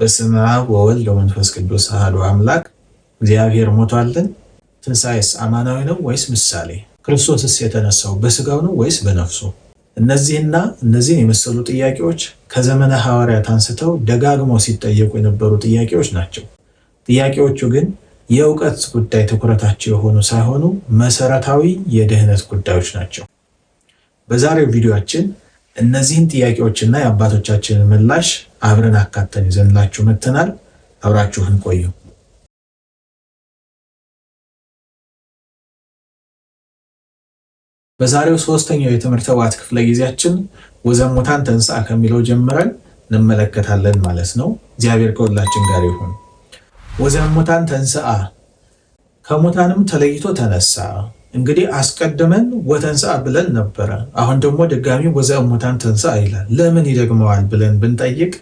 በስመ አብ ወወልድ ወመንፈስ ቅዱስ አሐዱ አምላክ። እግዚአብሔር ሞቷልን? ትንሣኤስ አማናዊ ነው ወይስ ምሳሌ? ክርስቶስስ የተነሳው በስጋው ነው ወይስ በነፍሱ? እነዚህና እነዚህን የመሰሉ ጥያቄዎች ከዘመነ ሐዋርያት አንስተው ደጋግመው ሲጠየቁ የነበሩ ጥያቄዎች ናቸው። ጥያቄዎቹ ግን የእውቀት ጉዳይ ትኩረታቸው የሆኑ ሳይሆኑ መሰረታዊ የደህነት ጉዳዮች ናቸው። በዛሬው ቪዲዮአችን እነዚህን ጥያቄዎችና የአባቶቻችንን ምላሽ አብረን አካተን ይዘንላችሁ መጥተናል። አብራችሁን ቆዩ። በዛሬው ሶስተኛው የትምህርተ ዋት ክፍለ ጊዜያችን ወዘሙታን ተንሥአ ከሚለው ጀምረን እንመለከታለን ማለት ነው። እግዚአብሔር ከሁላችን ጋር ይሁን። ወዘሙታን ተንሥአ ከሙታንም ተለይቶ ተነሳ እንግዲህ አስቀድመን ወተንሳ ብለን ነበረ። አሁን ደግሞ ድጋሚ ሙታን ተንሳ ይላል። ለምን ይደግመዋል ብለን ብንጠይቅ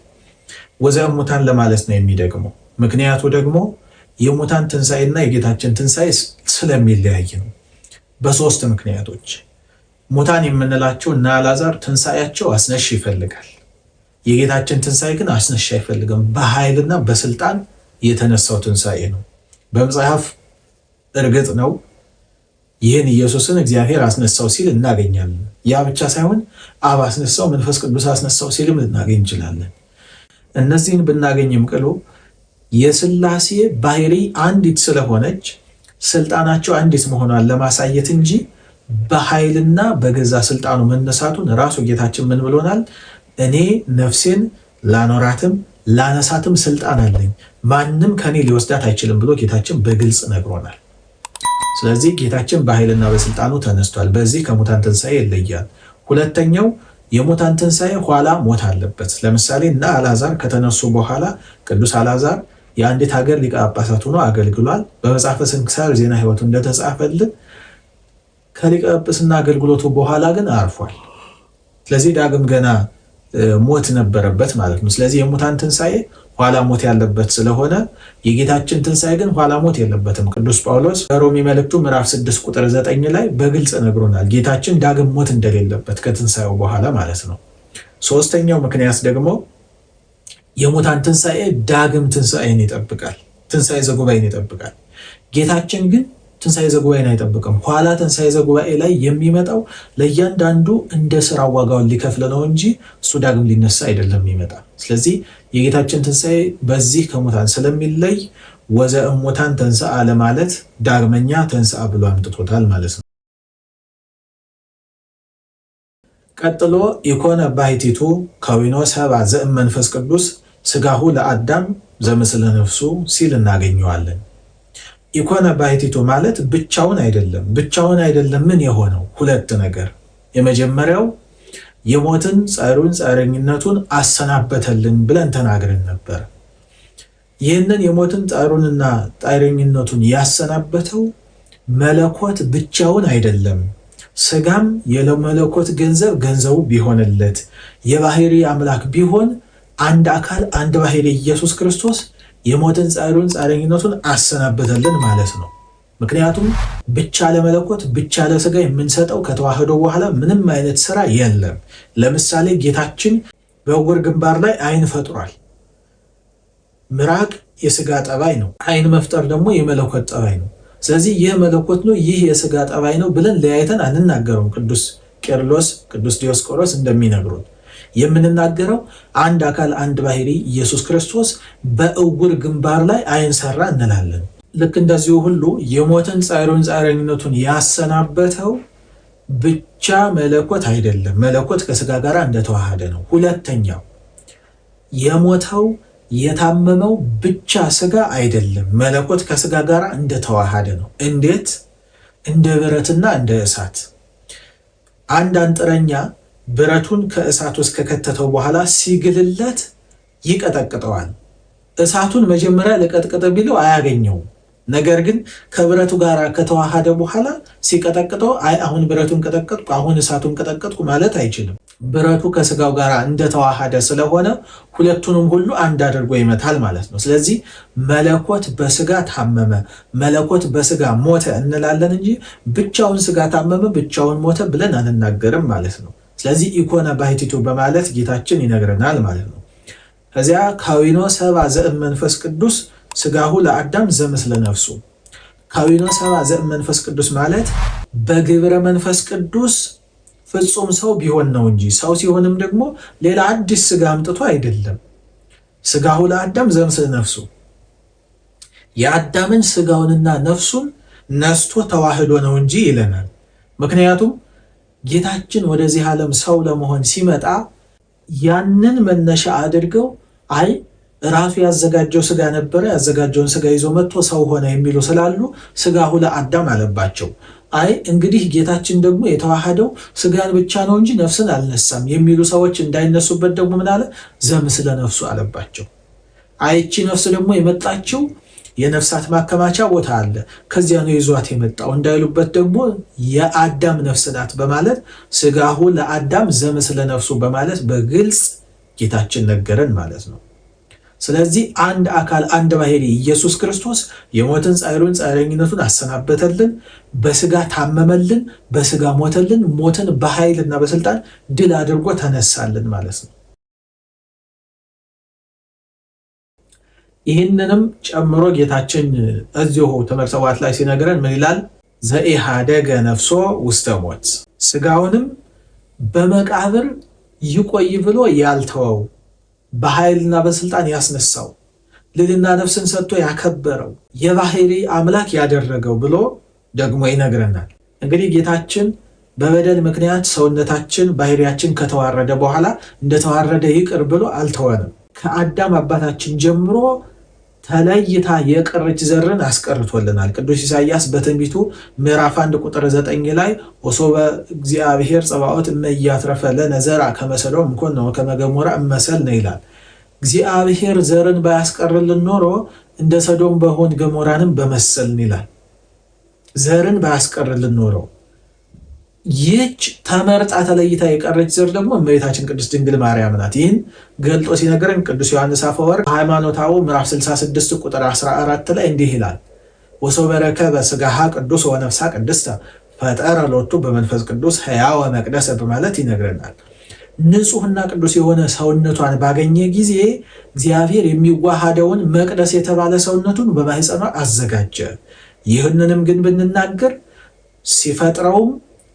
ሙታን ለማለት ነው የሚደግመው። ምክንያቱ ደግሞ የሙታን ትንሣኤና የጌታችን ትንሣኤ ስለሚለያይ ነው። በሶስት ምክንያቶች ሙታን የምንላቸው እና አላዛር ትንሣኤያቸው አስነሽ ይፈልጋል። የጌታችን ትንሣኤ ግን አስነሽ አይፈልግም። በኃይልና በስልጣን የተነሳው ትንሣኤ ነው። በመጽሐፍ እርግጥ ነው ይህን ኢየሱስን እግዚአብሔር አስነሳው ሲል እናገኛለን። ያ ብቻ ሳይሆን አብ አስነሳው፣ መንፈስ ቅዱስ አስነሳው ሲልም ልናገኝ እንችላለን። እነዚህን ብናገኝም ቅሉ የስላሴ ባህሪ አንዲት ስለሆነች ስልጣናቸው አንዲት መሆኗን ለማሳየት እንጂ በኃይልና በገዛ ስልጣኑ መነሳቱን ራሱ ጌታችን ምን ብሎናል? እኔ ነፍሴን ላኖራትም ላነሳትም ስልጣን አለኝ፣ ማንም ከኔ ሊወስዳት አይችልም ብሎ ጌታችን በግልጽ ነግሮናል። ስለዚህ ጌታችን በኃይልና በስልጣኑ ተነስቷል። በዚህ ከሙታን ትንሣኤ ይለያል። ሁለተኛው የሙታን ትንሣኤ ኋላ ሞት አለበት። ለምሳሌ እና አላዛር ከተነሱ በኋላ ቅዱስ አላዛር የአንዲት ሀገር ሊቀ ጳጳሳት ሆኖ አገልግሏል። በመጽሐፈ ስንክሳር ዜና ሕይወቱ እንደተጻፈልን ከሊቀ ጵጵስና አገልግሎቱ በኋላ ግን አርፏል። ስለዚህ ዳግም ገና ሞት ነበረበት ማለት ነው። ስለዚህ የሙታን ትንሣኤ ኋላ ሞት ያለበት ስለሆነ የጌታችን ትንሣኤ ግን ኋላ ሞት የለበትም። ቅዱስ ጳውሎስ በሮሚ መልእክቱ ምዕራፍ 6 ቁጥር 9 ላይ በግልጽ ነግሮናል፣ ጌታችን ዳግም ሞት እንደሌለበት ከትንሣኤው በኋላ ማለት ነው። ሶስተኛው ምክንያት ደግሞ የሙታን ትንሣኤ ዳግም ትንሣኤን ይጠብቃል፣ ትንሣኤ ዘጉባኤን ይጠብቃል። ጌታችን ግን ትንሳኤ ዘጉባኤን አይጠብቅም። ኋላ ትንሳኤ ዘጉባኤ ላይ የሚመጣው ለእያንዳንዱ እንደ ስራ ዋጋውን ሊከፍል ነው እንጂ እሱ ዳግም ሊነሳ አይደለም ይመጣ። ስለዚህ የጌታችን ትንሳኤ በዚህ ከሙታን ስለሚለይ ወዘእሙታን ተንሳ ለማለት ዳግመኛ ተንሳ ብሎ አምጥቶታል ማለት ነው። ቀጥሎ ኢኮነ ባሕቲቱ ከዊኖ ሰባ ዘእም መንፈስ ቅዱስ ስጋሁ ለአዳም ዘምስለ ነፍሱ ሲል እናገኘዋለን። ኢኮነ ባህቲቱ ማለት ብቻውን አይደለም። ብቻውን አይደለም ምን የሆነው ሁለት ነገር፣ የመጀመሪያው የሞትን ጸሩን ጸረኝነቱን አሰናበተልን ብለን ተናግረን ነበር። ይህንን የሞትን ጸሩንና ጠረኝነቱን ያሰናበተው መለኮት ብቻውን አይደለም። ስጋም የመለኮት ገንዘብ ገንዘቡ ቢሆንለት የባህሪ አምላክ ቢሆን አንድ አካል አንድ ባህሪ ኢየሱስ ክርስቶስ የሞትን ጻድቁን ጻድቅነቱን አሰናበተልን ማለት ነው። ምክንያቱም ብቻ ለመለኮት ብቻ ለስጋ የምንሰጠው ከተዋህዶ በኋላ ምንም አይነት ስራ የለም። ለምሳሌ ጌታችን በውር ግንባር ላይ አይን ፈጥሯል። ምራቅ የስጋ ጠባይ ነው። አይን መፍጠር ደግሞ የመለኮት ጠባይ ነው። ስለዚህ ይህ መለኮት ነው፣ ይህ የስጋ ጠባይ ነው ብለን ለያይተን አንናገረውም። ቅዱስ ቄርሎስ፣ ቅዱስ ዲዮስቆሮስ እንደሚነግሩት የምንናገረው አንድ አካል አንድ ባህሪ ኢየሱስ ክርስቶስ በእውር ግንባር ላይ አይንሰራ ሰራ እንላለን። ልክ እንደዚሁ ሁሉ የሞትን ጻይሮን ጻይረኝነቱን ያሰናበተው ብቻ መለኮት አይደለም። መለኮት ከስጋ ጋር እንደተዋሃደ ነው። ሁለተኛው የሞተው የታመመው ብቻ ስጋ አይደለም። መለኮት ከስጋ ጋር እንደተዋሃደ ነው። እንዴት? እንደ ብረትና እንደ እሳት አንድ አንጥረኛ ብረቱን ከእሳት ውስጥ ከከተተው በኋላ ሲግልለት ይቀጠቅጠዋል። እሳቱን መጀመሪያ ልቀጥቅጥ ቢለው አያገኘውም። ነገር ግን ከብረቱ ጋር ከተዋሃደ በኋላ ሲቀጠቅጠው አይ አሁን ብረቱን ቀጠቀጥኩ፣ አሁን እሳቱን ቀጠቀጥኩ ማለት አይችልም። ብረቱ ከስጋው ጋር እንደተዋሃደ ስለሆነ ሁለቱንም ሁሉ አንድ አድርጎ ይመታል ማለት ነው። ስለዚህ መለኮት በስጋ ታመመ፣ መለኮት በስጋ ሞተ እንላለን እንጂ ብቻውን ስጋ ታመመ፣ ብቻውን ሞተ ብለን አንናገርም ማለት ነው። ስለዚህ ኢኮነ ባህቲቱ በማለት ጌታችን ይነግረናል ማለት ነው። ከዚያ ካዊኖ ሰባ መንፈስ ቅዱስ ስጋሁ ለአዳም ዘምስለ ነፍሱ ካዊኖ ሰባ መንፈስ ቅዱስ ማለት በግብረ መንፈስ ቅዱስ ፍጹም ሰው ቢሆን ነው እንጂ ሰው ሲሆንም ደግሞ ሌላ አዲስ ስጋ አምጥቶ አይደለም። ስጋሁ ለአዳም ዘምስለ ነፍሱ የአዳምን ስጋውንና ነፍሱን ነስቶ ተዋህዶ ነው እንጂ ይለናል። ምክንያቱም ጌታችን ወደዚህ ዓለም ሰው ለመሆን ሲመጣ ያንን መነሻ አድርገው አይ ራሱ ያዘጋጀው ስጋ ነበረ፣ ያዘጋጀውን ስጋ ይዞ መጥቶ ሰው ሆነ የሚሉ ስላሉ ስጋ ሁለ አዳም አለባቸው። አይ እንግዲህ ጌታችን ደግሞ የተዋሃደው ስጋን ብቻ ነው እንጂ ነፍስን አልነሳም የሚሉ ሰዎች እንዳይነሱበት ደግሞ ምናለ ዘምስለ ነፍሱ አለባቸው። አይቺ ነፍስ ደግሞ የመጣችው የነፍሳት ማከማቻ ቦታ አለ፣ ከዚያ ነው ይዟት የመጣው እንዳይሉበት ደግሞ የአዳም ነፍስ ናት በማለት ስጋሁ ለአዳም ዘምስለ ነፍሱ በማለት በግልጽ ጌታችን ነገረን ማለት ነው። ስለዚህ አንድ አካል አንድ ባህሪ ኢየሱስ ክርስቶስ የሞትን ጻይሩን ጻይረኝነቱን አሰናበተልን፣ በስጋ ታመመልን፣ በስጋ ሞተልን፣ ሞትን በኃይልና በስልጣን ድል አድርጎ ተነሳልን ማለት ነው። ይህንንም ጨምሮ ጌታችን እዚሁ ትምህርተ ላይ ሲነግረን ምን ይላል? ዘኢሃደገ ነፍሶ ውስተ ሞት ስጋውንም በመቃብር ይቆይ ብሎ ያልተወው በኃይልና በስልጣን ያስነሳው ልልና ነፍስን ሰጥቶ ያከበረው የባህሪ አምላክ ያደረገው ብሎ ደግሞ ይነግረናል። እንግዲህ ጌታችን በበደል ምክንያት ሰውነታችን ባህሪያችን ከተዋረደ በኋላ እንደተዋረደ ይቅር ብሎ አልተወንም። ከአዳም አባታችን ጀምሮ ተለይታ የቀረች ዘርን አስቀርቶልናል። ቅዱስ ኢሳያስ በትንቢቱ ምዕራፍ 1 ቁጥር 9 ላይ ወሶበ እግዚአብሔር ጸባዖት እመያትረፈ ለነ ዘርአ ከመ ሰዶም እምኮነ ወከመ ገሞራ እመሰልነ ይላል። እግዚአብሔር ዘርን ባያስቀርልን ኖሮ እንደ ሰዶም በሆን ገሞራንም በመሰልን ይላል። ዘርን ባያስቀርልን ኖረው ይህች ተመርጣ ተለይታ የቀረች ዘር ደግሞ እመቤታችን ቅድስት ድንግል ማርያም ናት። ይህን ገልጦ ሲነገረን ቅዱስ ዮሐንስ አፈወርቅ ሃይማኖታዊ ምዕራፍ 66 ቁጥር 14 ላይ እንዲህ ይላል፣ በረከ በስጋሃ ቅዱስ ወነፍሳ ቅድስተ ፈጠረ ሎቱ በመንፈስ ቅዱስ ሕያወ መቅደሰ በማለት ይነግረናል። ንጹህና ቅዱስ የሆነ ሰውነቷን ባገኘ ጊዜ እግዚአብሔር የሚዋሃደውን መቅደስ የተባለ ሰውነቱን በማህፀኗ አዘጋጀ። ይህንንም ግን ብንናገር ሲፈጥረውም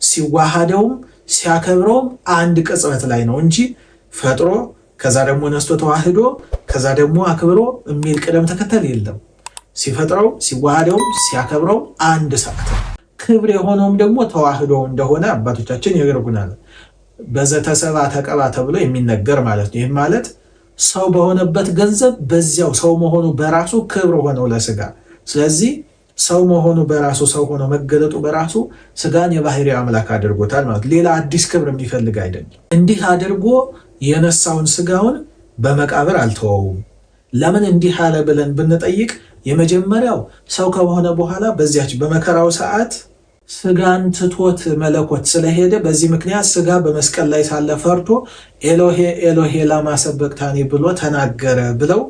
ሲዋሃደውም ሲያከብረውም አንድ ቅጽበት ላይ ነው እንጂ ፈጥሮ ከዛ ደግሞ ነስቶ ተዋህዶ ከዛ ደግሞ አክብሮ የሚል ቅደም ተከተል የለም። ሲፈጥረው ሲዋሃደውም ሲያከብረው አንድ ሰዓት ክብር የሆነውም ደግሞ ተዋህዶ እንደሆነ አባቶቻችን ይርጉናል። በዘተሰባ ተቀባ ተብሎ የሚነገር ማለት ነው። ይህም ማለት ሰው በሆነበት ገንዘብ በዚያው ሰው መሆኑ በራሱ ክብር ሆነው ለስጋ ስለዚህ ሰው መሆኑ በራሱ ሰው ሆኖ መገለጡ በራሱ ስጋን የባህሪ አምላክ አድርጎታል ማለት ሌላ አዲስ ክብር የሚፈልግ አይደለም። እንዲህ አድርጎ የነሳውን ስጋውን በመቃብር አልተወውም። ለምን እንዲህ አለ ብለን ብንጠይቅ የመጀመሪያው ሰው ከሆነ በኋላ በዚያች በመከራው ሰዓት ስጋን ትቶት መለኮት ስለሄደ በዚህ ምክንያት ስጋ በመስቀል ላይ ሳለ ፈርቶ ኤሎሄ ኤሎሄ ላማ ሰበቅታኒ ብሎ ተናገረ ብለው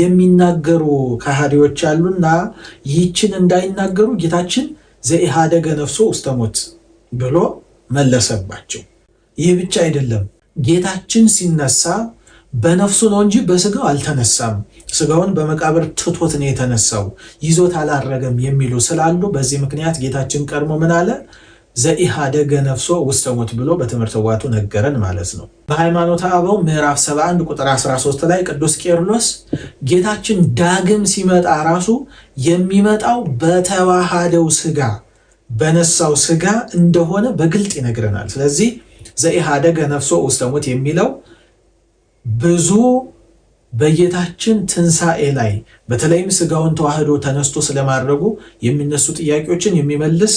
የሚናገሩ ከሃዲዎች አሉና ይህችን እንዳይናገሩ ጌታችን ዘኢሃደገ ነፍሶ ውስተ ሞት ብሎ መለሰባቸው። ይህ ብቻ አይደለም፣ ጌታችን ሲነሳ በነፍሱ ነው እንጂ በስጋው አልተነሳም። ስጋውን በመቃብር ትቶት ነው የተነሳው ይዞት አላረገም የሚሉ ስላሉ በዚህ ምክንያት ጌታችን ቀድሞ ምን አለ ዘኢሃደገ ነፍሶ ውስተ ሞት ብሎ በትምህርት ዋቱ ነገረን ማለት ነው። በሃይማኖተ አበው ምዕራፍ 71 ቁጥር 13 ላይ ቅዱስ ቄርሎስ ጌታችን ዳግም ሲመጣ ራሱ የሚመጣው በተዋሃደው ስጋ በነሳው ስጋ እንደሆነ በግልጥ ይነግረናል። ስለዚህ ዘኢሃደገ ነፍሶ ውስተ ሞት የሚለው ብዙ በጌታችን ትንሣኤ ላይ በተለይም ስጋውን ተዋህዶ ተነስቶ ስለማድረጉ የሚነሱ ጥያቄዎችን የሚመልስ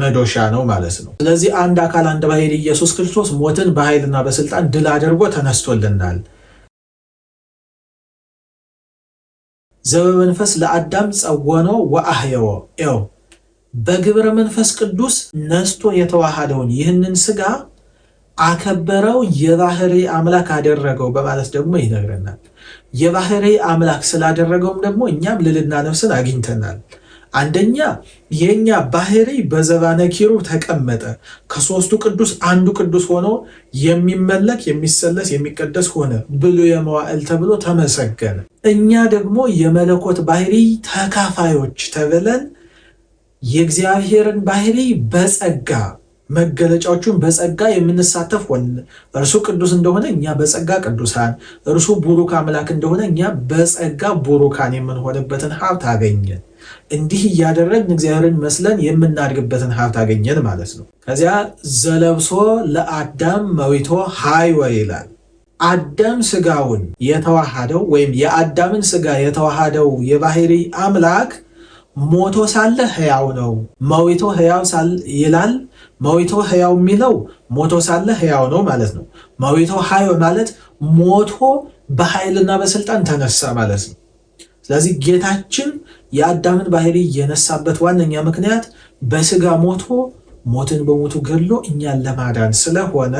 መዶሻ ነው ማለት ነው። ስለዚህ አንድ አካል አንድ ባሕርይ ኢየሱስ ክርስቶስ ሞትን በኃይልና በስልጣን ድል አድርጎ ተነስቶልናል። ዘበመንፈስ ለአዳም ጸወኖ ወአህየዎ ው በግብረ መንፈስ ቅዱስ ነስቶ የተዋሃደውን ይህንን ስጋ አከበረው የባህሪ አምላክ አደረገው በማለት ደግሞ ይነግረናል። የባህሪ አምላክ ስላደረገውም ደግሞ እኛም ልልና ነፍስን አግኝተናል። አንደኛ የእኛ ባህሪ በዘባነ ኪሩብ ተቀመጠ። ከሶስቱ ቅዱስ አንዱ ቅዱስ ሆኖ የሚመለክ የሚሰለስ የሚቀደስ ሆነ፣ ብሉየ መዋዕል ተብሎ ተመሰገነ። እኛ ደግሞ የመለኮት ባህሪ ተካፋዮች ተብለን የእግዚአብሔርን ባህሪ በጸጋ መገለጫዎቹን በጸጋ የምንሳተፍ ሆን እርሱ ቅዱስ እንደሆነ እኛ በጸጋ ቅዱሳን፣ እርሱ ቡሩክ አምላክ እንደሆነ እኛ በጸጋ ቡሩካን የምንሆንበትን ሀብት አገኘን። እንዲህ እያደረግን እግዚአብሔርን መስለን የምናድግበትን ሀብት አገኘን ማለት ነው። ከዚያ ዘለብሶ ለአዳም መዊቶ ሀይወ ይላል። አዳም ስጋውን የተዋሃደው ወይም የአዳምን ስጋ የተዋሃደው የባህሪ አምላክ ሞቶ ሳለ ህያው ነው። መዊቶ ህያው ይላል መዊቶ ህያው የሚለው ሞቶ ሳለ ህያው ነው ማለት ነው። መዊቶ ሀዮ ማለት ሞቶ በኃይልና በስልጣን ተነሳ ማለት ነው። ስለዚህ ጌታችን የአዳምን ባህሪ የነሳበት ዋነኛ ምክንያት በስጋ ሞቶ ሞትን በሞቱ ገድሎ እኛን ለማዳን ስለሆነ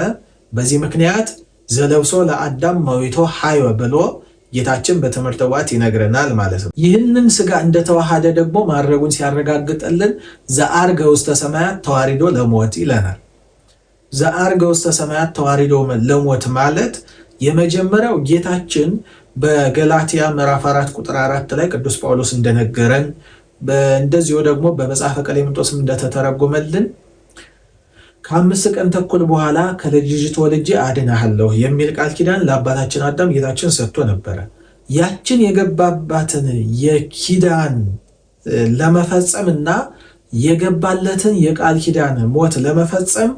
በዚህ ምክንያት ዘለብሶ ለአዳም መዊቶ ሀዮ ብሎ ጌታችን በትምህርተ ዋት ይነግረናል ማለት ነው። ይህንን ስጋ እንደተዋሃደ ደግሞ ማድረጉን ሲያረጋግጠልን ዘአርገ ውስተ ሰማያት ተዋሪዶ ለሞት ይለናል። ዘአርገ ውስተ ሰማያት ተዋሪዶ ለሞት ማለት የመጀመሪያው ጌታችን በገላትያ ምዕራፍ 4 ቁጥር 4 ላይ ቅዱስ ጳውሎስ እንደነገረን እንደዚሁ ደግሞ በመጽሐፈ ቀሌምንጦስም እንደተተረጎመልን ከአምስት ቀን ተኩል በኋላ ከልጅቱ ወልጄ አድንሃለሁ የሚል ቃል ኪዳን ለአባታችን አዳም ጌታችን ሰጥቶ ነበረ። ያችን የገባባትን የኪዳን ለመፈጸምና የገባለትን የቃል ኪዳን ሞት ለመፈጸም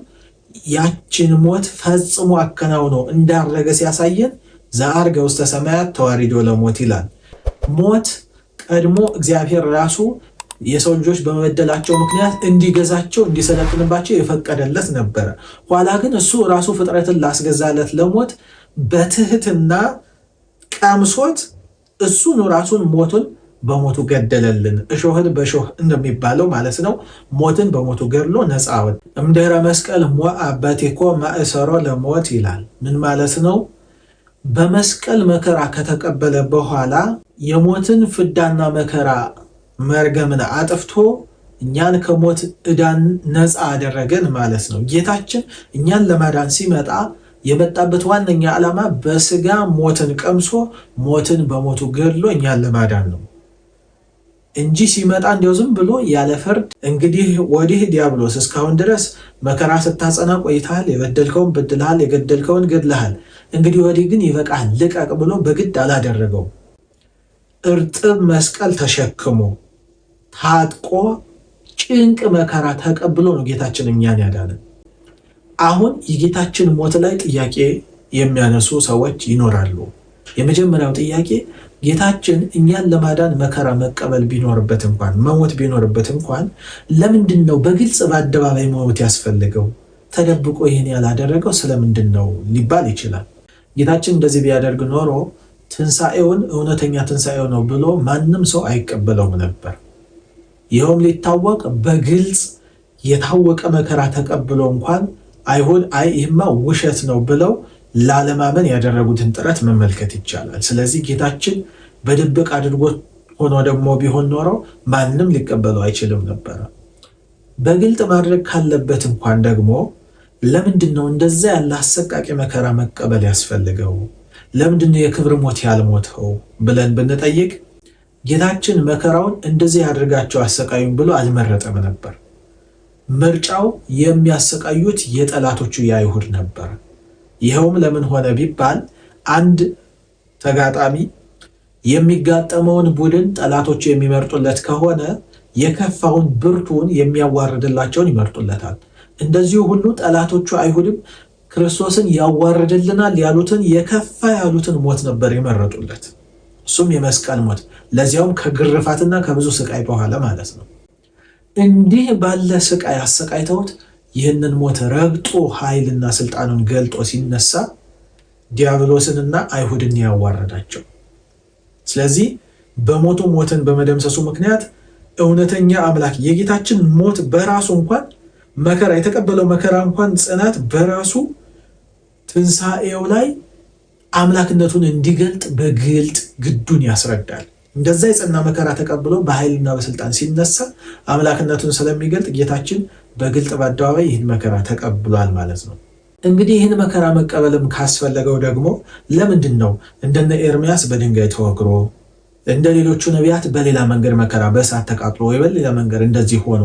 ያችን ሞት ፈጽሞ አከናውኖ እንዳረገ ሲያሳየን ዘዐርገ ውስተ ሰማያት ተዋሪዶ ለሞት ይላል። ሞት ቀድሞ እግዚአብሔር ራሱ የሰው ልጆች በመበደላቸው ምክንያት እንዲገዛቸው እንዲሰለጥንባቸው የፈቀደለት ነበረ። ኋላ ግን እሱ ራሱ ፍጥረትን ላስገዛለት ለሞት በትህትና ቀምሶት እሱን ራሱን ሞቱን በሞቱ ገደለልን። እሾህን በሾህ እንደሚባለው ማለት ነው። ሞትን በሞቱ ገድሎ ነፃ እምደረ እምድኅረ መስቀል ሞዐ በቴኮ ማእሰሮ ለሞት ይላል። ምን ማለት ነው? በመስቀል መከራ ከተቀበለ በኋላ የሞትን ፍዳና መከራ መርገምን አጥፍቶ እኛን ከሞት ዕዳን ነፃ አደረገን ማለት ነው። ጌታችን እኛን ለማዳን ሲመጣ የመጣበት ዋነኛ ዓላማ በስጋ ሞትን ቀምሶ ሞትን በሞቱ ገድሎ እኛን ለማዳን ነው እንጂ ሲመጣ እንዲያው ዝም ብሎ ያለ ፍርድ እንግዲህ ወዲህ ዲያብሎስ እስካሁን ድረስ መከራ ስታጸና ቆይተሃል፣ የበደልከውን በድልሃል፣ የገደልከውን ገድልሃል፣ እንግዲህ ወዲህ ግን ይበቃል ልቀቅ ብሎ በግድ አላደረገው። እርጥብ መስቀል ተሸክሞ ታጥቆ ጭንቅ መከራ ተቀብሎ ነው ጌታችን እኛን ያዳነን። አሁን የጌታችን ሞት ላይ ጥያቄ የሚያነሱ ሰዎች ይኖራሉ። የመጀመሪያው ጥያቄ ጌታችን እኛን ለማዳን መከራ መቀበል ቢኖርበት እንኳን መሞት ቢኖርበት እንኳን ለምንድን ነው በግልጽ በአደባባይ መሞት ያስፈልገው? ተደብቆ ይህን ያላደረገው ስለምንድን ነው ሊባል ይችላል። ጌታችን እንደዚህ ቢያደርግ ኖሮ ትንሣኤውን እውነተኛ ትንሣኤው ነው ብሎ ማንም ሰው አይቀበለውም ነበር። ይኸውም ሊታወቅ በግልጽ የታወቀ መከራ ተቀብሎ እንኳን አይሁድ አይ ይህማ ውሸት ነው ብለው ላለማመን ያደረጉትን ጥረት መመልከት ይቻላል። ስለዚህ ጌታችን በድብቅ አድርጎት ሆኖ ደግሞ ቢሆን ኖረው ማንም ሊቀበለው አይችልም ነበረ። በግልጥ ማድረግ ካለበት እንኳን ደግሞ ለምንድን ነው እንደዛ ያለ አሰቃቂ መከራ መቀበል ያስፈልገው? ለምንድን ነው የክብር ሞት ያልሞተው ብለን ብንጠይቅ ጌታችን መከራውን እንደዚህ አድርጋቸው አሰቃዩን ብሎ አልመረጠም ነበር። ምርጫው የሚያሰቃዩት የጠላቶቹ የአይሁድ ነበር። ይኸውም ለምን ሆነ ቢባል አንድ ተጋጣሚ የሚጋጠመውን ቡድን ጠላቶቹ የሚመርጡለት ከሆነ የከፋውን ብርቱን የሚያዋርድላቸውን ይመርጡለታል። እንደዚሁ ሁሉ ጠላቶቹ አይሁድም ክርስቶስን ያዋርድልናል ያሉትን የከፋ ያሉትን ሞት ነበር የመረጡለት። እሱም የመስቀል ሞት ለዚያውም ከግርፋትና ከብዙ ስቃይ በኋላ ማለት ነው። እንዲህ ባለ ስቃይ አሰቃይተውት ይህንን ሞት ረግጦ ኃይልና ስልጣኑን ገልጦ ሲነሳ ዲያብሎስንና አይሁድን ያዋረዳቸው። ስለዚህ በሞቱ ሞትን በመደምሰሱ ምክንያት እውነተኛ አምላክ የጌታችን ሞት በራሱ እንኳን መከራ የተቀበለው መከራ እንኳን ጽናት በራሱ ትንሣኤው ላይ አምላክነቱን እንዲገልጥ በግልጥ ግዱን ያስረዳል። እንደዛ የጸና መከራ ተቀብሎ በኃይልና በስልጣን ሲነሳ አምላክነቱን ስለሚገልጥ ጌታችን በግልጥ በአደባባይ ይህን መከራ ተቀብሏል ማለት ነው። እንግዲህ ይህን መከራ መቀበልም ካስፈለገው ደግሞ ለምንድን ነው እንደነ ኤርሚያስ በድንጋይ ተወግሮ እንደ ሌሎቹ ነቢያት በሌላ መንገድ መከራ በእሳት ተቃጥሎ ወይ በሌላ መንገድ እንደዚህ ሆኖ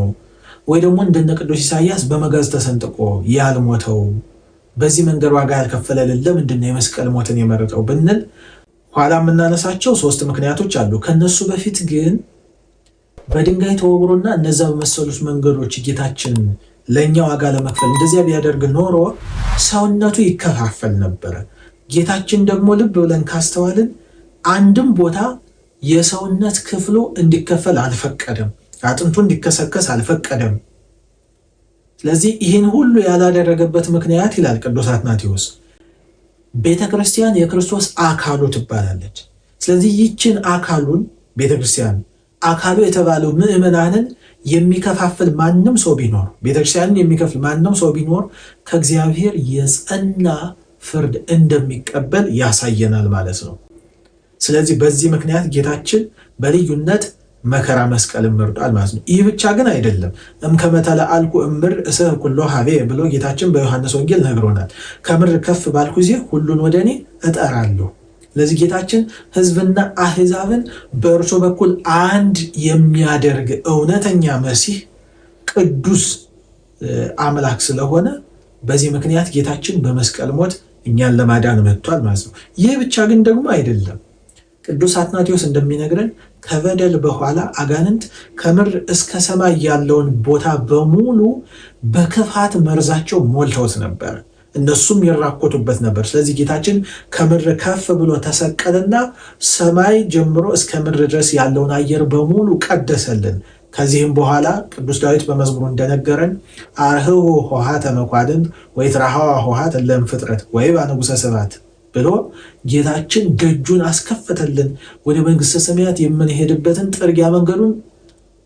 ወይ ደግሞ እንደነ ቅዱስ ኢሳያስ በመጋዝ ተሰንጥቆ ያልሞተው በዚህ መንገድ ዋጋ ያልከፈለልን ለምንድን ነው የመስቀል ሞትን የመረጠው ብንል ኋላ የምናነሳቸው ሶስት ምክንያቶች አሉ። ከነሱ በፊት ግን በድንጋይ ተወግሮና እነዛ በመሰሉት መንገዶች ጌታችን ለእኛ ዋጋ ለመክፈል እንደዚያ ቢያደርግ ኖሮ ሰውነቱ ይከፋፈል ነበረ። ጌታችን ደግሞ ልብ ብለን ካስተዋልን አንድም ቦታ የሰውነት ክፍሉ እንዲከፈል አልፈቀደም። አጥንቱ እንዲከሰከስ አልፈቀደም። ስለዚህ ይህን ሁሉ ያላደረገበት ምክንያት ይላል ቅዱስ አትናቴዎስ ቤተ ክርስቲያን የክርስቶስ አካሉ ትባላለች። ስለዚህ ይችን አካሉን ቤተ ክርስቲያን አካሉ የተባለው ምእመናንን የሚከፋፍል ማንም ሰው ቢኖር ቤተክርስቲያንን የሚከፍል ማንም ሰው ቢኖር ከእግዚአብሔር የጸና ፍርድ እንደሚቀበል ያሳየናል ማለት ነው። ስለዚህ በዚህ ምክንያት ጌታችን በልዩነት መከራ መስቀል መርዷል ማለት ነው። ይህ ብቻ ግን አይደለም። እምከመተለ አልኩ እምር እስህ ኩሎ ሀቤ ብሎ ጌታችን በዮሐንስ ወንጌል ነግሮናል። ከምር ከፍ ባልኩ ጊዜ ሁሉን ወደ እኔ እጠራለሁ። ለዚህ ጌታችን ህዝብና አህዛብን በእርሱ በኩል አንድ የሚያደርግ እውነተኛ መሲህ ቅዱስ አምላክ ስለሆነ በዚህ ምክንያት ጌታችን በመስቀል ሞት እኛን ለማዳን መጥቷል ማለት ነው። ይህ ብቻ ግን ደግሞ አይደለም። ቅዱስ አትናቴዎስ እንደሚነግረን ከበደል በኋላ አጋንንት ከምድር እስከ ሰማይ ያለውን ቦታ በሙሉ በክፋት መርዛቸው ሞልተውት ነበር። እነሱም ይራኮቱበት ነበር። ስለዚህ ጌታችን ከምድር ከፍ ብሎ ተሰቀልና ሰማይ ጀምሮ እስከ ምድር ድረስ ያለውን አየር በሙሉ ቀደሰልን። ከዚህም በኋላ ቅዱስ ዳዊት በመዝሙሩ እንደነገረን አርህዎ ተመኳድን ወይ ትራሃዋ ኆኃት እለ ፍጥረት ወይ ባንጉሰ ስብሐት ብሎ ጌታችን ደጁን አስከፈተልን። ወደ መንግሥተ ሰማያት የምንሄድበትን ጥርጊያ መንገዱን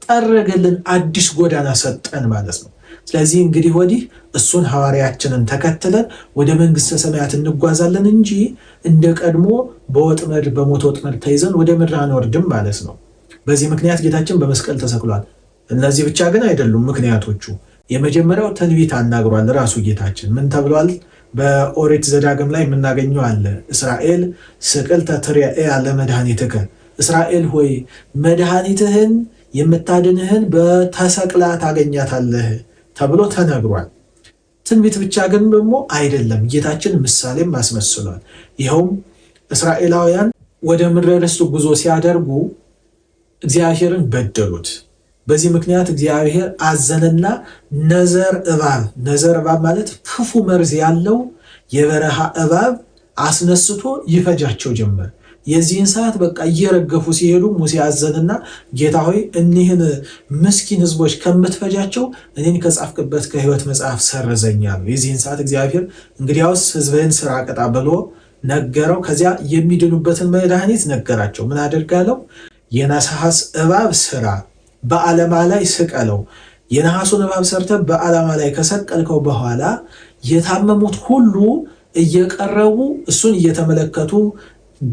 ጠረገልን፣ አዲስ ጎዳና ሰጠን ማለት ነው። ስለዚህ እንግዲህ ወዲህ እሱን ሐዋርያችንን ተከትለን ወደ መንግሥተ ሰማያት እንጓዛለን እንጂ እንደ ቀድሞ በወጥመድ በሞት ወጥመድ ተይዘን ወደ ምድር አንወርድም ማለት ነው። በዚህ ምክንያት ጌታችን በመስቀል ተሰቅሏል። እነዚህ ብቻ ግን አይደሉም ምክንያቶቹ። የመጀመሪያው ትንቢት አናግሯል ራሱ ጌታችን ምን ተብሏል? በኦሪት ዘዳግም ላይ የምናገኘው አለ። እስራኤል ስቅልተ ትርኤ ያለ መድኃኒትከ እስራኤል ሆይ መድኃኒትህን የምታድንህን በተሰቅላ ታገኛታለህ ተብሎ ተነግሯል። ትንቢት ብቻ ግን ደግሞ አይደለም፣ ጌታችን ምሳሌም አስመስሏል። ይኸውም እስራኤላውያን ወደ ምድረ ርስቱ ጉዞ ሲያደርጉ እግዚአብሔርን በደሉት። በዚህ ምክንያት እግዚአብሔር አዘነና ነዘር እባብ፣ ነዘር እባብ ማለት ክፉ መርዝ ያለው የበረሃ እባብ አስነስቶ ይፈጃቸው ጀመር። የዚህን ሰዓት በቃ እየረገፉ ሲሄዱ ሙሴ አዘንና ጌታ ሆይ እኒህን ምስኪን ህዝቦች ከምትፈጃቸው እኔን ከጻፍክበት ከህይወት መጽሐፍ ሰረዘኛሉ። የዚህን ሰዓት እግዚአብሔር እንግዲያውስ ህዝብህን ስራ ቅጣ ብሎ ነገረው። ከዚያ የሚድኑበትን መድኃኒት ነገራቸው። ምን አደርጋለው? የነሐስ እባብ ስራ በዓለማ ላይ ስቀለው። የነሐሱን እባብ ሰርተ በዓላማ ላይ ከሰቀልከው በኋላ የታመሙት ሁሉ እየቀረቡ እሱን እየተመለከቱ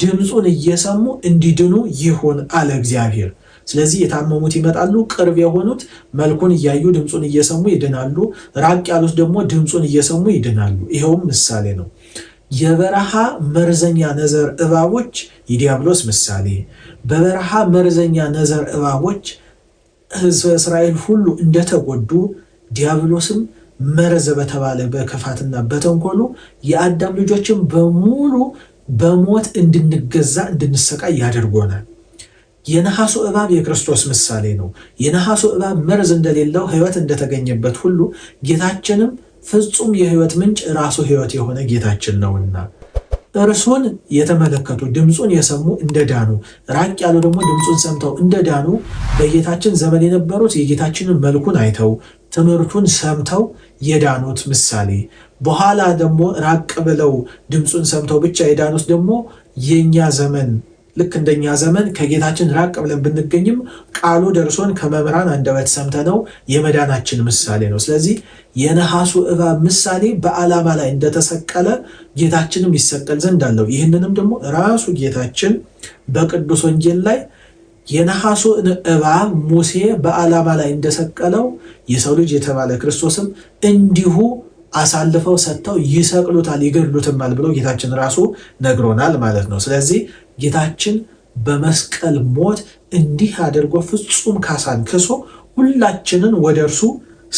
ድምፁን እየሰሙ እንዲድኑ ይሁን አለ እግዚአብሔር። ስለዚህ የታመሙት ይመጣሉ። ቅርብ የሆኑት መልኩን እያዩ ድምፁን እየሰሙ ይድናሉ። ራቅ ያሉት ደግሞ ድምፁን እየሰሙ ይድናሉ። ይኸውም ምሳሌ ነው። የበረሃ መርዘኛ ነዘር እባቦች የዲያብሎስ ምሳሌ። በበረሃ መርዘኛ ነዘር እባቦች ህዝበ እስራኤል ሁሉ እንደተጎዱ ዲያብሎስም መረዘ በተባለ በክፋትና በተንኮሉ የአዳም ልጆችን በሙሉ በሞት እንድንገዛ እንድንሰቃይ ያደርጎናል። የነሐሱ እባብ የክርስቶስ ምሳሌ ነው። የነሐሱ እባብ መርዝ እንደሌለው ህይወት እንደተገኘበት ሁሉ ጌታችንም ፍጹም የህይወት ምንጭ ራሱ ህይወት የሆነ ጌታችን ነውና እርሱን የተመለከቱ ድምፁን የሰሙ እንደዳኑ ራቅ ያሉ ደግሞ ድምፁን ሰምተው እንደዳኑ በጌታችን ዘመን የነበሩት የጌታችንን መልኩን አይተው ትምህርቱን ሰምተው የዳኑት ምሳሌ፣ በኋላ ደግሞ ራቅ ብለው ድምፁን ሰምተው ብቻ የዳኑት ደግሞ የእኛ ዘመን ልክ እንደኛ ዘመን ከጌታችን ራቅ ብለን ብንገኝም ቃሉ ደርሶን ከመምህራን አንደበት ሰምተነው የመዳናችን ምሳሌ ነው። ስለዚህ የነሐሱ እባብ ምሳሌ በዓላማ ላይ እንደተሰቀለ ጌታችንም ይሰቀል ዘንድ አለው። ይህንንም ደግሞ ራሱ ጌታችን በቅዱስ ወንጌል ላይ የነሐሱን እባብ ሙሴ በዓላማ ላይ እንደሰቀለው የሰው ልጅ የተባለ ክርስቶስም እንዲሁ አሳልፈው ሰጥተው ይሰቅሉታል፣ ይገድሉትማል ብለው ጌታችን ራሱ ነግሮናል ማለት ነው። ስለዚህ ጌታችን በመስቀል ሞት እንዲህ አድርጎ ፍጹም ካሳን ክሶ ሁላችንን ወደ እርሱ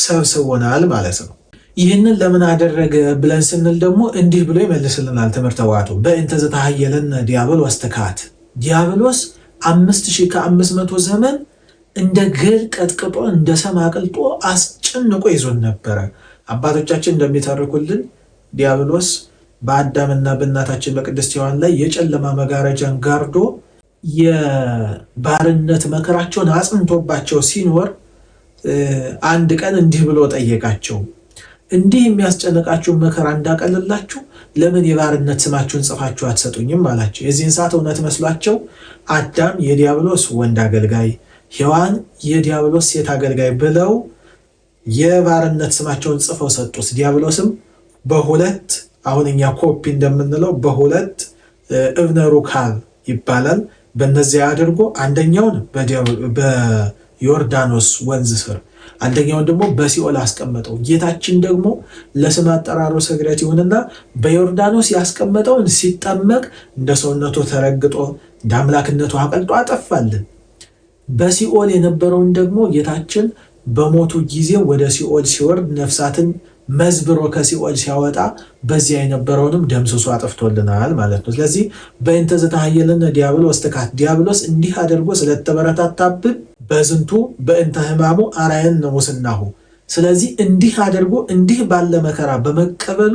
ሰብስቦናል ማለት ነው። ይህንን ለምን አደረገ ብለን ስንል ደግሞ እንዲህ ብሎ ይመልስልናል። ትምህርተ ዋዕቱ በእንተ ዲያብሎስ ትካት ዲያብሎስ አምስት ሺህ ከአምስት መቶ ዘመን እንደ ግል ቀጥቅጦ እንደ ሰም አቅልጦ አስጨንቆ ይዞን ነበረ። አባቶቻችን እንደሚተርኩልን ዲያብሎስ በአዳምና በእናታችን በቅድስት ሔዋን ላይ የጨለማ መጋረጃን ጋርዶ የባርነት መከራቸውን አጽንቶባቸው ሲኖር አንድ ቀን እንዲህ ብሎ ጠየቃቸው። እንዲህ የሚያስጨንቃችሁን መከራ እንዳቀልላችሁ ለምን የባርነት ስማችሁን ጽፋችሁ አትሰጡኝም? አላቸው። የዚህን ሰዓት እውነት መስሏቸው አዳም የዲያብሎስ ወንድ አገልጋይ፣ ሔዋን የዲያብሎስ ሴት አገልጋይ ብለው የባርነት ስማቸውን ጽፈው ሰጡት። ዲያብሎስም በሁለት አሁን እኛ ኮፒ እንደምንለው በሁለት እብነ ሩካን ይባላል። በነዚያ አድርጎ አንደኛውን በዮርዳኖስ ወንዝ ስር አንደኛውን ደግሞ በሲኦል አስቀመጠው። ጌታችን ደግሞ ለስም አጠራሩ ስግደት ይሁንና በዮርዳኖስ ያስቀመጠውን ሲጠመቅ እንደ ሰውነቱ ተረግጦ እንደ አምላክነቱ አቀልጦ አጠፋልን። በሲኦል የነበረውን ደግሞ ጌታችን በሞቱ ጊዜ ወደ ሲኦል ሲወርድ ነፍሳትን መዝብሮ ከሲኦል ሲያወጣ በዚያ የነበረውንም ደምስሶ አጥፍቶልናል ማለት ነው። ስለዚህ በእንተ ዘተሃየለነ ዲያብሎስ ጥቃት ዲያብሎስ እንዲህ አድርጎ ስለተበረታታብን በዝንቱ በእንተ ህማሙ አራየን ሙስናሁ ስለዚህ እንዲህ አድርጎ እንዲህ ባለ መከራ በመቀበሉ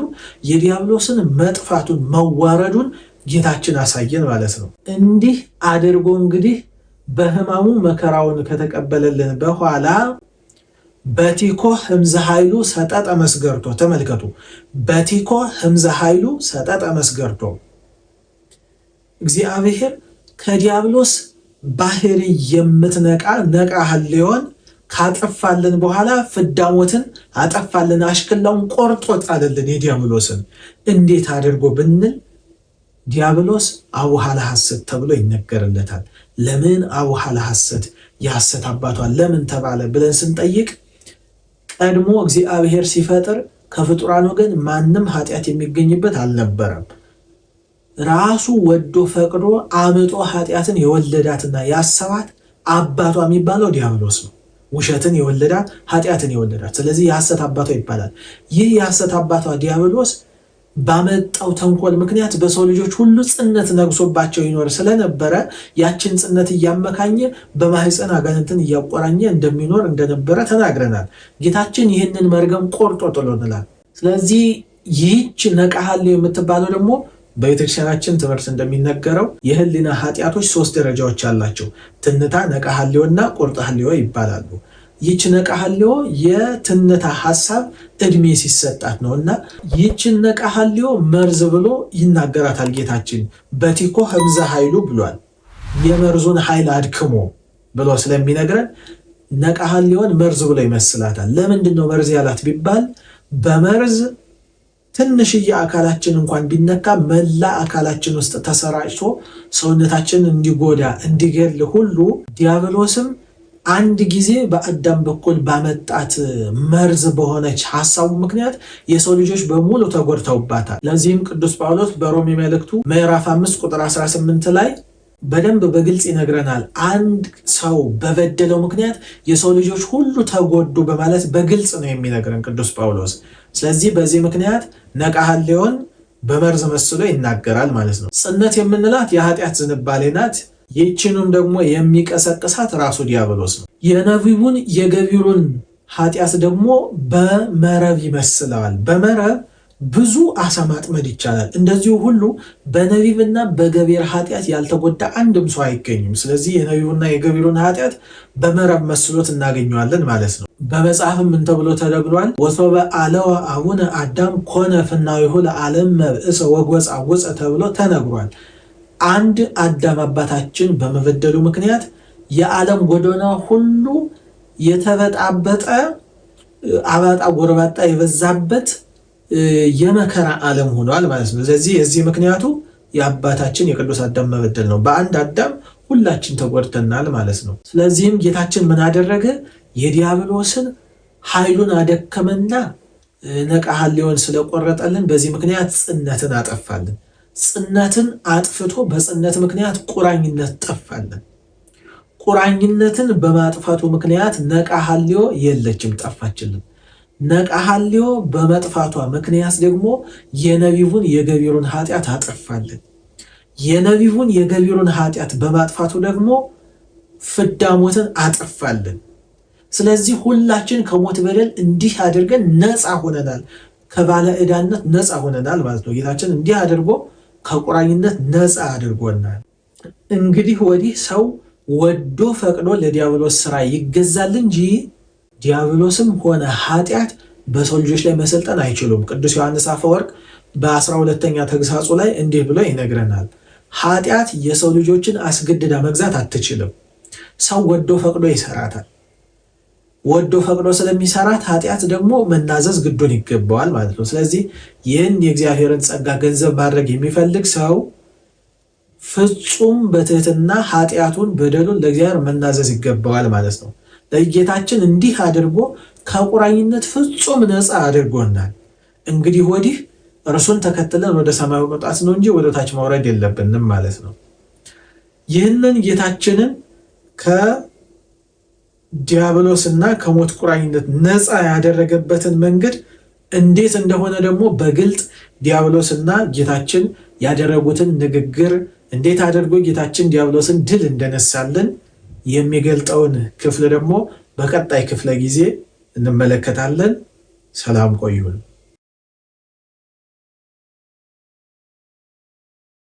የዲያብሎስን መጥፋቱን መዋረዱን ጌታችን አሳየን ማለት ነው። እንዲህ አድርጎ እንግዲህ በህማሙ መከራውን ከተቀበለልን በኋላ በቲኮ ህምዘ ኃይሉ ሰጠጠ መስገርቶ። ተመልከቱ። በቲኮ ህምዘ ኃይሉ ሰጠጠ መስገርቶ። እግዚአብሔር ከዲያብሎስ ባህሪ የምትነቃ ነቃ ሊሆን ካጠፋልን በኋላ ፍዳሞትን አጠፋልን፣ አሽክላውን ቆርጦ ጣልልን። የዲያብሎስን። እንዴት አድርጎ ብንል ዲያብሎስ አቡሃ ሐሰት ተብሎ ይነገርለታል። ለምን አቡሃ ሐሰት የሐሰት አባቷን ለምን ተባለ ብለን ስንጠይቅ ቀድሞ እግዚአብሔር ሲፈጥር ከፍጡራን ወገን ማንም ኃጢአት የሚገኝበት አልነበረም። ራሱ ወዶ ፈቅዶ አምጦ ኃጢአትን የወለዳትና ያሰባት አባቷ የሚባለው ዲያብሎስ ነው። ውሸትን የወለዳት ኃጢአትን የወለዳት ስለዚህ የሐሰት አባቷ ይባላል። ይህ የሐሰት አባቷ ዲያብሎስ ባመጣው ተንኮል ምክንያት በሰው ልጆች ሁሉ ጽነት ነግሶባቸው ይኖር ስለነበረ ያችን ጽነት እያመካኘ በማህፀን አጋንንትን እያቆራኘ እንደሚኖር እንደነበረ ተናግረናል። ጌታችን ይህንን መርገም ቆርጦ ጥሎንላል። ስለዚህ ይህች ነቃሃል የምትባለው ደግሞ በቤተክርስቲያናችን ትምህርት እንደሚነገረው የህሊና ኃጢአቶች ሶስት ደረጃዎች አላቸው። ትንታ፣ ነቃ ሐሌዎና ቁርጥ ይባላሉ። ይች ነቃሃሊዮ የትነታ ሀሳብ እድሜ ሲሰጣት ነው እና ይችነቃ ነቃሃሊዮ መርዝ ብሎ ይናገራታል ጌታችን። በቲኮ ህምዘ ኃይሉ ብሏል። የመርዙን ኃይል አድክሞ ብሎ ስለሚነግረን ነቃሃሊዮን መርዝ ብሎ ይመስላታል። ለምንድን ነው መርዝ ያላት ቢባል በመርዝ ትንሽዬ አካላችን እንኳን ቢነካ መላ አካላችን ውስጥ ተሰራጭቶ ሰውነታችንን እንዲጎዳ እንዲገል ሁሉ ዲያብሎስም አንድ ጊዜ በአዳም በኩል ባመጣት መርዝ በሆነች ሀሳቡ ምክንያት የሰው ልጆች በሙሉ ተጎድተውባታል። ለዚህም ቅዱስ ጳውሎስ በሮሜ መልእክቱ ምዕራፍ 5 ቁጥር 18 ላይ በደንብ በግልጽ ይነግረናል። አንድ ሰው በበደለው ምክንያት የሰው ልጆች ሁሉ ተጎዱ በማለት በግልጽ ነው የሚነግረን ቅዱስ ጳውሎስ። ስለዚህ በዚህ ምክንያት ነቃሃል ሊሆን በመርዝ መስሎ ይናገራል ማለት ነው። ጽነት የምንላት የኃጢአት ዝንባሌ ናት። ይህችንም ደግሞ የሚቀሰቅሳት ራሱ ዲያብሎስ ነው። የነቢቡን የገቢሩን ኃጢአት ደግሞ በመረብ ይመስለዋል። በመረብ ብዙ አሳ ማጥመድ ይቻላል። እንደዚሁ ሁሉ በነቢብና በገቢር ኃጢአት ያልተጎዳ አንድም ሰው አይገኝም። ስለዚህ የነቢቡና የገቢሩን ኃጢአት በመረብ መስሎት እናገኘዋለን ማለት ነው። በመጽሐፍም ምን ተብሎ ተደግሏል? ወሶበ አለዋ አቡነ አዳም ኮነ ፍናዊሁ ለዓለም መብእሰ ወጎጻ ውፀ ተብሎ ተነግሯል። አንድ አዳም አባታችን በመበደሉ ምክንያት የዓለም ጎዳና ሁሉ የተበጣበጠ አባጣ ጎረባጣ የበዛበት የመከራ ዓለም ሆኗል ማለት ነው። ስለዚህ የዚህ ምክንያቱ የአባታችን የቅዱስ አዳም መበደል ነው። በአንድ አዳም ሁላችን ተጎድተናል ማለት ነው። ስለዚህም ጌታችን ምን አደረገ? የዲያብሎስን ኃይሉን አደከመና ነቃሃል ሊሆን ስለቆረጠልን በዚህ ምክንያት ጽነትን አጠፋልን። ጽነትን አጥፍቶ በጽነት ምክንያት ቁራኝነት ጠፋለን። ቁራኝነትን በማጥፋቱ ምክንያት ነቃ የለችም ጠፋችልን። ነቃ በመጥፋቷ ምክንያት ደግሞ የነቢቡን የገቢሩን ኃጢአት አጠፋለን። የነቢቡን የገቢሩን ኃጢአት በማጥፋቱ ደግሞ ፍዳ ሞትን አጠፋለን። ስለዚህ ሁላችን ከሞት በደል እንዲህ አድርገን ነፃ ሆነናል። ከባለ ዕዳነት ነፃ ሆነናል ማለት ነው። ጌታችን እንዲህ አድርጎ ከቁራኝነት ነፃ አድርጎናል። እንግዲህ ወዲህ ሰው ወዶ ፈቅዶ ለዲያብሎስ ስራ ይገዛል እንጂ ዲያብሎስም ሆነ ኃጢአት በሰው ልጆች ላይ መሰልጠን አይችሉም። ቅዱስ ዮሐንስ አፈወርቅ በአስራ ሁለተኛ ተግሳጹ ላይ እንዲህ ብሎ ይነግረናል። ኃጢአት የሰው ልጆችን አስገድዳ መግዛት አትችልም። ሰው ወዶ ፈቅዶ ይሰራታል። ወዶ ፈቅዶ ስለሚሰራት ኃጢአት ደግሞ መናዘዝ ግዱን ይገባዋል ማለት ነው። ስለዚህ ይህን የእግዚአብሔርን ጸጋ ገንዘብ ማድረግ የሚፈልግ ሰው ፍጹም በትህትና ኃጢአቱን፣ በደሉን ለእግዚአብሔር መናዘዝ ይገባዋል ማለት ነው። ለጌታችን እንዲህ አድርጎ ከቁራኝነት ፍጹም ነፃ አድርጎናል። እንግዲህ ወዲህ እርሱን ተከትለን ወደ ሰማዩ መውጣት ነው እንጂ ወደ ታች መውረድ የለብንም ማለት ነው። ይህንን ጌታችንን ከ ዲያብሎስና ከሞት ቁራኝነት ነፃ ያደረገበትን መንገድ እንዴት እንደሆነ ደግሞ በግልጥ ዲያብሎስና ጌታችን ያደረጉትን ንግግር እንዴት አድርጎ ጌታችን ዲያብሎስን ድል እንደነሳልን የሚገልጠውን ክፍል ደግሞ በቀጣይ ክፍለ ጊዜ እንመለከታለን። ሰላም ቆዩን።